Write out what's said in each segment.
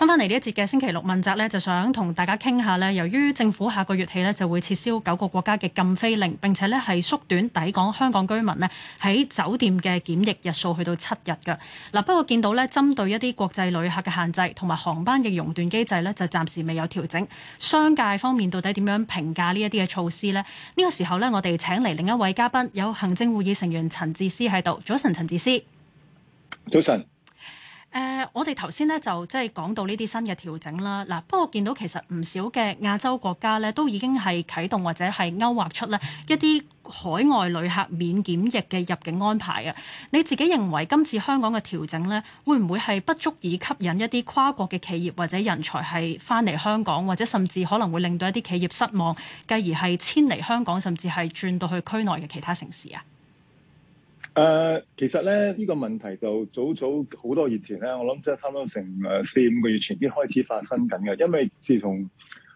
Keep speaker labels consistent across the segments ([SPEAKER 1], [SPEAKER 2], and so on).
[SPEAKER 1] 翻翻嚟呢一節嘅星期六問責呢，就想同大家傾下呢。由於政府下個月起呢，就會撤銷九個國家嘅禁飛令，並且呢係縮短抵港香港居民呢喺酒店嘅檢疫日數去到七日㗎。嗱、啊，不過見到呢針對一啲國際旅客嘅限制同埋航班嘅熔斷機制呢，就暫時未有調整。商界方面到底點樣評價呢一啲嘅措施呢？呢、呢個時候呢，我哋請嚟另一位嘉賓，有行政會議成員陳智思喺度。早，早晨，陳智思。
[SPEAKER 2] 早晨。
[SPEAKER 1] 誒、呃，我哋頭先咧就即係講到呢啲新嘅調整啦。嗱，不過見到其實唔少嘅亞洲國家咧，都已經係啟動或者係勾畫出咧一啲海外旅客免檢疫嘅入境安排啊。你自己認為今次香港嘅調整咧，會唔會係不足以吸引一啲跨國嘅企業或者人才係翻嚟香港，或者甚至可能會令到一啲企業失望，繼而係遷離香港，甚至係轉到去區內嘅其他城市啊？
[SPEAKER 2] 誒、呃，其實咧呢、這個問題就早早好多月前咧，我諗即係差唔多成誒四五個月前已經開始發生緊嘅。因為自從誒、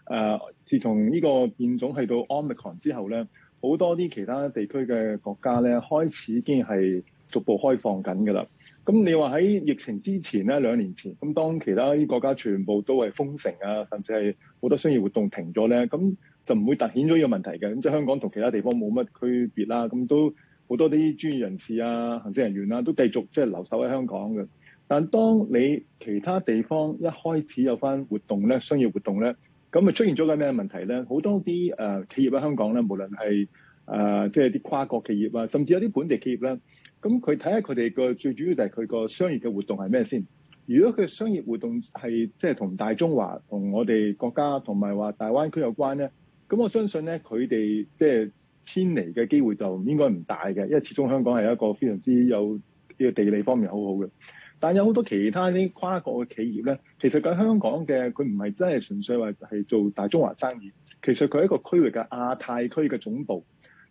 [SPEAKER 2] 呃、自從呢個變種去到 Omicron 之後咧，好多啲其他地區嘅國家咧開始已經係逐步開放緊㗎喇。咁你話喺疫情之前咧兩年前，咁當其他啲國家全部都係封城啊，甚至係好多商業活動停咗咧，咁就唔會凸顯咗呢個問題嘅。咁即係香港同其他地方冇乜區別啦，咁都。好多啲專業人士啊、行政人員啊，都繼續即係留守喺香港嘅。但係當你其他地方一開始有翻活動咧，商業活動咧，咁咪出現咗個咩問題咧？好多啲誒、呃、企業喺香港咧，無論係誒即係啲跨國企業啊，甚至有啲本地企業咧，咁佢睇下佢哋個最主要就係佢個商業嘅活動係咩先？如果佢商業活動係即係同大中華、同我哋國家同埋話大灣區有關咧，咁我相信咧，佢哋即係遷離嘅機會就應該唔大嘅，因為始終香港係一個非常之有呢個地理方面好好嘅。但有好多其他啲跨國嘅企業咧，其實佢香港嘅，佢唔係真係純粹話係做大中華生意，其實佢係一個區域嘅亞太區嘅總部。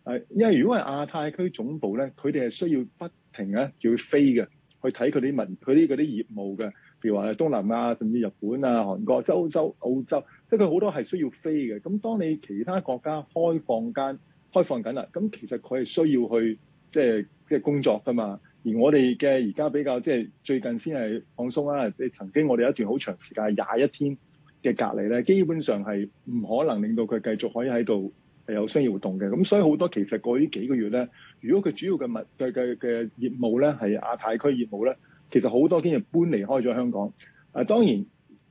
[SPEAKER 2] 誒，因為如果係亞太區總部咧，佢哋係需要不停咧要飛嘅，去睇佢啲文佢啲嗰啲業務嘅，譬如話喺東南亞甚至日本啊、韓國、洲洲、澳洲。佢好多係需要飛嘅，咁當你其他國家開放間開放緊啦，咁其實佢係需要去即係即係工作噶嘛。而我哋嘅而家比較即係最近先係放鬆啦、啊。你曾經我哋一段好長時間廿一天嘅隔離咧，基本上係唔可能令到佢繼續可以喺度係有商業活動嘅。咁所以好多其實過去呢幾個月咧，如果佢主要嘅物嘅嘅嘅業務咧係亞太區業務咧，其實好多經已搬離開咗香港。誒、啊、當然。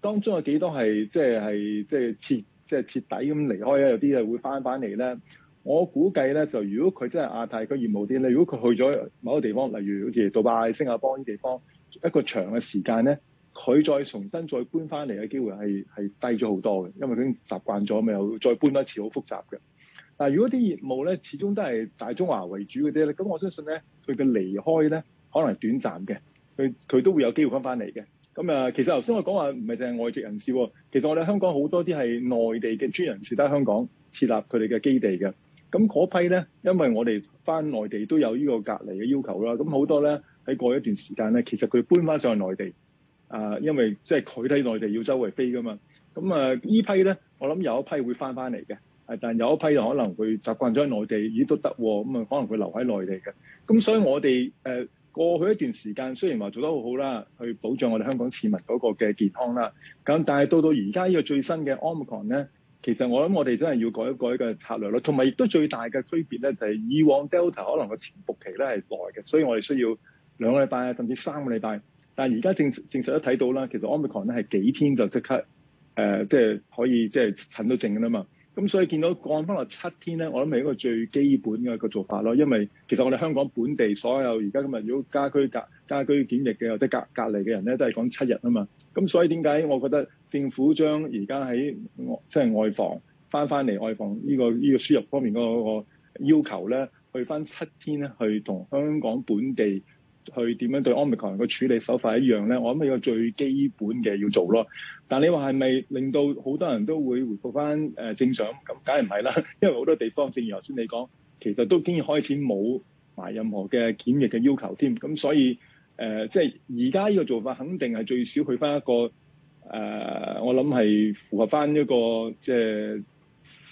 [SPEAKER 2] 當中有幾多係即係即係徹即係、即係、徹底咁離開咧？有啲係會翻返嚟咧。我估計咧，就如果佢真係亞太個業務啲咧，如果佢去咗某個地方，例如好似杜拜、新加坡啲地方，一個長嘅時間咧，佢再重新再搬返嚟嘅機會係係低咗好多嘅，因為已經習慣咗咪又再搬一次好複雜嘅。但係如果啲業務咧始終都係大中華為主嗰啲咧，咁我相信咧佢嘅離開咧可能係短暫嘅，佢佢都會有機會翻返嚟嘅。咁啊、嗯，其實頭先我講話唔係淨係外籍人士喎，其實我哋香港好多啲係內地嘅專人士都喺香港設立佢哋嘅基地嘅。咁嗰批咧，因為我哋翻內地都有呢個隔離嘅要求啦，咁好多咧喺過一段時間咧，其實佢搬翻上去內地啊、呃，因為即係佢喺內地要周圍飛噶嘛。咁啊，呢批咧，我諗有一批會翻翻嚟嘅，係但有一批就可能會習慣咗喺內地，咦都得喎，咁啊可能會留喺內地嘅。咁所以我哋誒。呃過去一段時間雖然話做得好好啦，去保障我哋香港市民嗰個嘅健康啦，咁但係到到而家呢個最新嘅 Omicron 咧，其實我諗我哋真係要改一改個策略咯，同埋亦都最大嘅區別咧就係、是、以往 Delta 可能個潛伏期咧係耐嘅，所以我哋需要兩個禮拜啊，甚至三個禮拜，但係而家證證實都睇到啦，其實 Omicron 咧係幾天就即刻即係、呃就是、可以即係、就是、診到症噶啦嘛。咁所以見到降翻落七天咧，我諗係一個最基本嘅一個做法咯。因為其實我哋香港本地所有而家今日如果家居隔家居檢疫嘅或者隔隔離嘅人咧，都係講七日啊嘛。咁所以點解我覺得政府將而家喺即係外防翻翻嚟外防呢個呢個輸入方面嗰個要求咧，去翻七天去同香港本地。去點樣對 Omicron 個處理手法一樣咧？我諗係一個最基本嘅要做咯。但你話係咪令到好多人都會回復翻誒正常咁？梗係唔係啦？因為好多地方，正如頭先你講，其實都已經開始冇埋任何嘅檢疫嘅要求添。咁所以誒，即係而家呢個做法肯定係最少去翻一個誒、呃，我諗係符合翻一個即係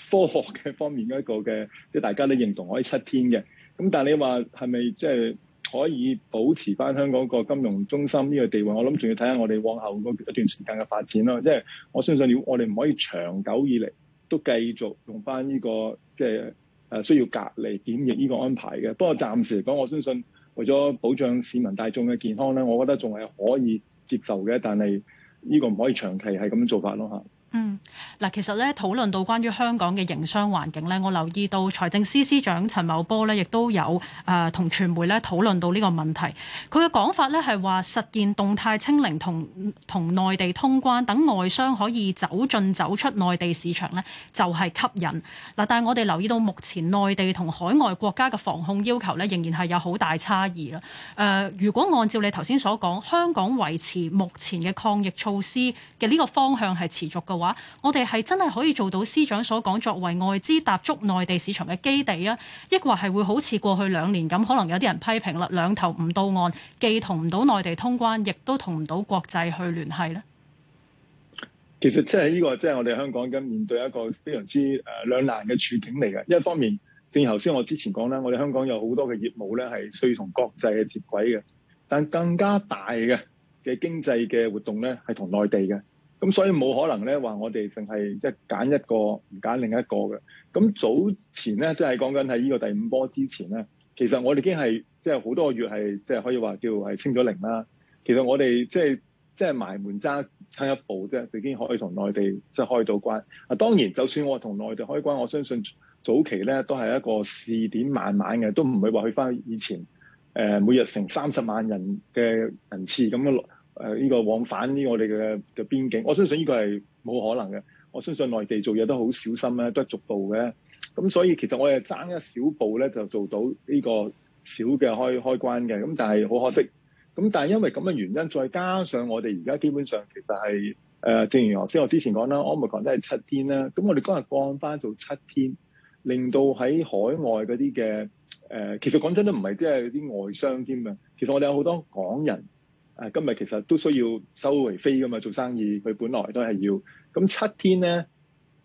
[SPEAKER 2] 科學嘅方面一個嘅，即係大家都認同可以七天嘅。咁但係你話係咪即係？可以保持翻香港個金融中心呢個地位，我諗仲要睇下我哋往後個一段時間嘅發展咯。即係我相信，如果我哋唔可以長久以嚟都繼續用翻呢個即係誒需要隔離檢疫呢個安排嘅，不過暫時嚟講，我相信為咗保障市民大眾嘅健康咧，我覺得仲係可以接受嘅，但係呢個唔可以長期係咁樣做法咯嚇。
[SPEAKER 1] 嗯，嗱，其實咧討論到關於香港嘅營商環境咧，我留意到財政司司長陳茂波咧，亦都有誒同傳媒咧討論到呢個問題，佢嘅講法咧係話，實現動態清零同同內地通關，等外商可以走進走出內地市場咧，就係吸引。嗱，呃，但係我哋留意到目前內地同海外國家嘅防控要求咧，仍然係有好大差異啦。誒、呃，如果按照你頭先所講，香港維持目前嘅抗疫措施嘅呢個方向係持續嘅，話我哋係真係可以做到司長所講作為外資踏足內地市場嘅基地啊，抑或係會好似過去兩年咁，可能有啲人批評啦，兩頭唔到岸，既同唔到內地通關，亦都同唔到國際去聯繫咧。
[SPEAKER 2] 其實即係呢個，即係我哋香港咁面對一個非常之誒兩難嘅處境嚟嘅。一方面，正如頭先我之前講啦，我哋香港有好多嘅業務咧係需要同國際嘅接軌嘅，但更加大嘅嘅經濟嘅活動咧係同內地嘅。咁所以冇可能咧，話我哋淨係即係揀一個唔揀另一個嘅。咁早前咧，即係講緊喺呢個第五波之前咧，其實我哋已經係即係好多個月係即係可以話叫係清咗零啦。其實我哋即係即係埋門揸差一步啫，就已經可以同內地即係開到關。啊，當然就算我同內地開關，我相信早期咧都係一個試點慢慢嘅，都唔會話去翻以前誒、呃、每日成三十萬人嘅人次咁樣，嗯誒呢個往返呢？我哋嘅嘅邊境，我相信呢個係冇可能嘅。我相信內地做嘢都好小心咧，都係逐步嘅。咁所以其實我哋爭一小步咧，就做到呢個小嘅開開關嘅。咁但係好可惜。咁但係因為咁嘅原因，再加上我哋而家基本上其實係、呃、正如我之前講啦，我唔講都係七天啦。咁我哋今日降翻做七天，令到喺海外嗰啲嘅、呃、其實講真都唔係即係啲外商添啊。其實我哋有好多港人。誒今日其實都需要周圍飛噶嘛，做生意佢本來都係要。咁七天咧，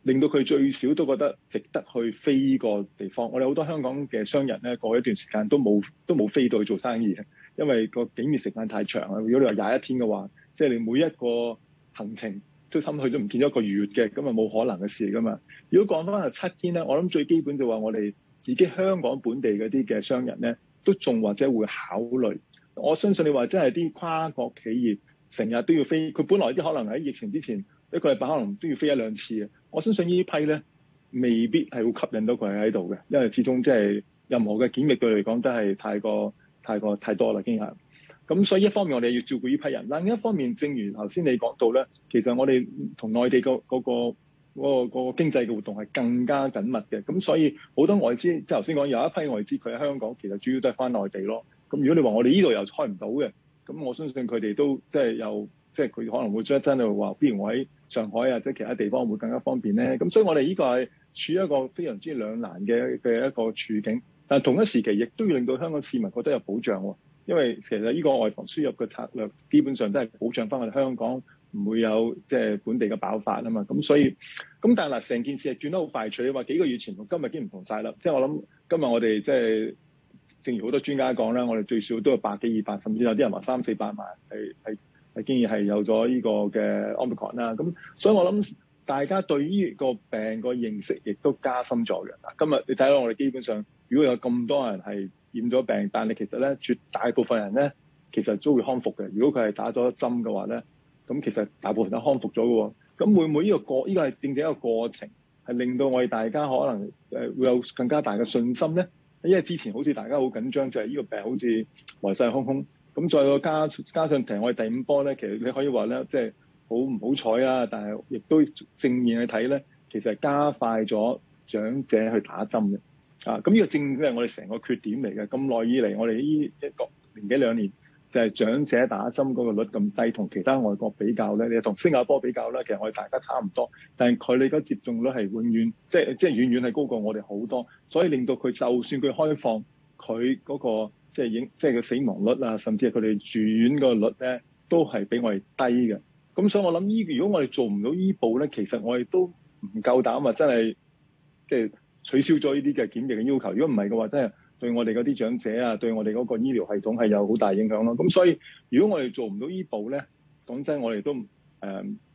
[SPEAKER 2] 令到佢最少都覺得值得去飛個地方。我哋好多香港嘅商人咧，過一段時間都冇都冇飛到去做生意嘅，因為個檢疫時間太長啦。如果你話廿一天嘅話，即係你每一個行程出心去都唔見咗一個月嘅，咁啊冇可能嘅事噶嘛。如果講返係七天咧，我諗最基本就話我哋自己香港本地嗰啲嘅商人咧，都仲或者會考慮。我相信你話真係啲跨國企業成日都要飛，佢本來啲可能喺疫情之前一個禮拜可能都要飛一兩次嘅。我相信呢批呢批咧，未必係會吸引到佢喺度嘅，因為始終即係任何嘅檢疫對嚟講都係太過太過太多啦，今日。咁所以一方面我哋要照顧呢批人，另一方面正如頭先你講到咧，其實我哋同內地嗰、嗰個、嗰個、嗰個經濟嘅活動係更加緊密嘅。咁所以好多外資即係頭先講有一批外資佢喺香港，其實主要都係返內地咯。咁如果你話我哋呢度又開唔到嘅，咁我相信佢哋都即係又即係佢可能會將真係話，不如我喺上海啊即係其他地方會更加方便咧。咁所以我哋呢個係處於一個非常之兩難嘅嘅一個處境。但同一時期亦都要令到香港市民覺得有保障喎，因為其實呢個外防輸入嘅策略基本上都係保障翻我哋香港唔會有即係本地嘅爆發啊嘛。咁所以咁但係嗱，成件事係轉得好快脆，你話幾個月前同今日已經唔同晒啦。即係我諗今日我哋即係。正如好多專家講啦，我哋最少都有百幾、二百，甚至有啲人話三四百萬係係係竟然係有咗呢個嘅 omicron 啦。咁所以我諗大家對於病個認識亦都加深咗嘅。今日你睇啦，我哋基本上如果有咁多人係染咗病，但係其實咧絕大部分人咧其實都會康復嘅。如果佢係打咗針嘅話咧，咁其實大部分人都康復咗嘅。咁會唔會呢、呢個過呢、呢個係正正一個過程，係令到我哋大家可能誒會有更加大嘅信心咧？因為之前好似大家好緊張，就係呢個病好似來勢洶洶。咁再個加加上其實我哋第五波咧，其實你可以話咧，即係好唔好彩啊！但係亦都正面去睇咧，其實係加快咗長者去打針嘅啊！咁呢個正正係我哋成個缺點嚟嘅。咁耐以嚟，我哋呢一個年幾兩年。就係長者打針嗰個率咁低，同其他外國比較咧，你同新加坡比較咧，其實我哋大家差唔多，但係佢哋嘅接種率係永遠即係即係遠遠係、即係即係、高過我哋好多，所以令到佢就算佢開放，佢嗰、嗰個即係、即係、影即係個死亡率啊，甚至係佢哋住院個率咧，都係比我哋低嘅。咁所以我諗醫，如果我哋做唔到醫保咧，其實我哋都唔夠膽啊，真係即係取消咗呢啲嘅檢疫嘅要求。如果唔係嘅話，真係。對我哋嗰啲長者啊，對我哋嗰個醫療系統係有好大影響咯。咁所以，如果我哋做唔到醫保咧，講真我，我哋都誒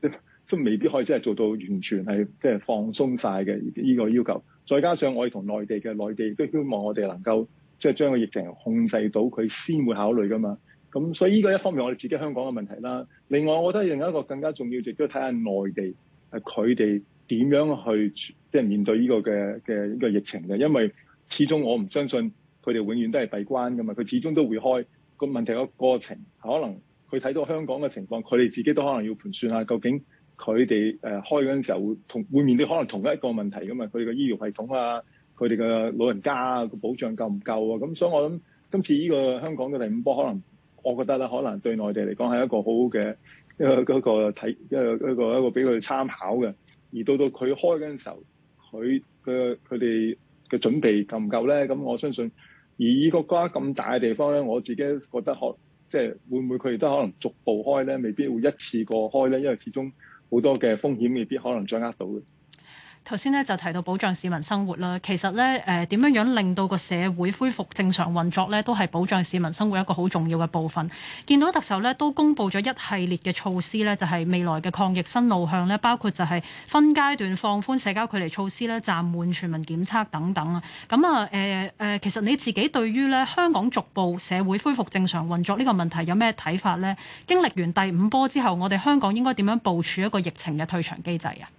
[SPEAKER 2] 即都未必可以真係做到完全係即係放鬆晒嘅呢個要求。再加上我哋同內地嘅內地都希望我哋能夠即係將個疫情控制到佢先會考慮㗎嘛。咁所以呢個一方面我哋自己香港嘅問題啦。另外，我覺得另外一個更加重要亦都係睇下內地佢哋點樣去即係、即係、面對呢個嘅嘅呢個疫情嘅，因為。始終我唔相信佢哋永遠都係閉關噶嘛，佢始終都會開個問題個過程，可能佢睇到香港嘅情況，佢哋自己都可能要盤算下究竟佢哋誒開嗰陣時候會同會面對可能同一個問題噶嘛，佢哋嘅醫療系統啊，佢哋嘅老人家個、啊、保障夠唔夠啊？咁所以我諗今次呢個香港嘅第五波，可能我覺得咧，可能對內地嚟講係一個好好嘅一個嗰個睇一個一個一個俾佢參考嘅。而到到佢開嗰陣時候，佢佢佢哋。嘅準備夠唔夠咧？咁我相信，而國家咁大嘅地方咧，我自己覺得可即係會唔會佢哋都可能逐步開咧，未必會一次過開咧，因為始終好多嘅風險未必可能掌握到嘅。
[SPEAKER 1] 頭先咧就提到保障市民生活啦，其實咧誒點樣樣令到個社會恢復正常運作咧，都係保障市民生活一個好重要嘅部分。見到特首咧都公布咗一系列嘅措施咧，就係未來嘅抗疫新路向咧，包括就係分階段放寬社交距離措施咧，暫緩全民檢測等等啊。咁啊誒誒，其實你自己對於咧香港逐步社會恢復正常運作呢個問題有咩睇法咧？經歷完第五波之後，我哋香港應該點樣部署一個疫情嘅退場機制啊？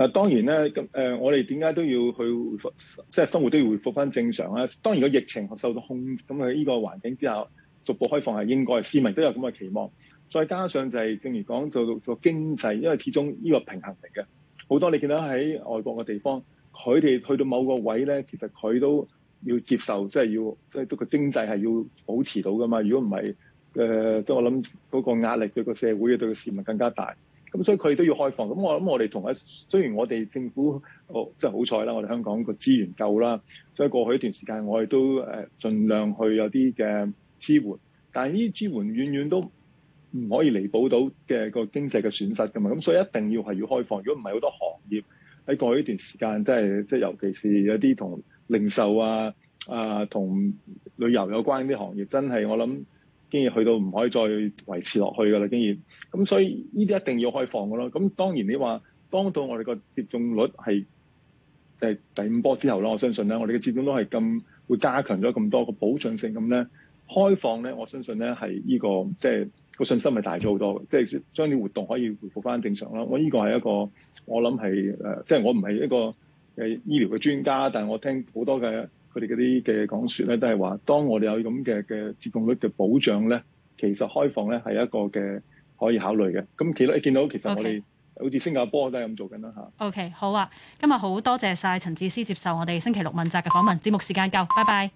[SPEAKER 2] 啊，當然咧，咁、呃、誒，我哋點解都要去恢復，即係生活都要回復返正常咧？當然個疫情受到控制，咁喺呢個環境之下逐步開放係應該，市民都有咁嘅期望。再加上就係正如講，做做經濟，因為始終呢個平衡嚟嘅。好多你見到喺外國嘅地方，佢哋去到某個位咧，其實佢都要接受，即係要，即係都個經濟係要保持到噶嘛。如果唔係，誒即係我諗嗰個壓力對個社會啊，對個市民更加大。咁所以佢哋都要開放。咁我諗我哋同啊，雖然我哋政府哦即係好彩啦，我哋香港個資源夠啦。所以過去一段時間我哋都誒、呃、盡量去有啲嘅支援，但係呢啲支援遠遠都唔可以彌補到嘅個經濟嘅損失噶嘛。咁所以一定要係要開放。如果唔係好多行業喺過去呢段時間，即係即係尤其是有啲同零售啊、啊同旅遊有關啲行業，真係我諗。經然去到唔可以再維持落去㗎啦，經然。咁所以呢啲一定要開放㗎咯。咁當然你話當到我哋個接種率係即係第五波之後啦，我相信咧，我哋嘅接種率係咁會加強咗咁多個保障性咁咧，開放咧，我相信咧係呢個即係個信心係大咗好多。即係將啲活動可以回復翻正常啦。我呢個係一個我諗係誒，即係我唔係一個誒醫療嘅專家，但係我聽好多嘅。佢哋嗰啲嘅講説咧，都係話，當我哋有咁嘅嘅接種率嘅保障咧，其實開放咧係一個嘅可以考慮嘅。咁其實你見到其實我哋 Okay. 好似新加坡都係咁做緊啦嚇。
[SPEAKER 1] O、okay, K，好啊，今日好多謝晒陳智思接受我哋星期六問責嘅訪問，節目時間夠，拜拜。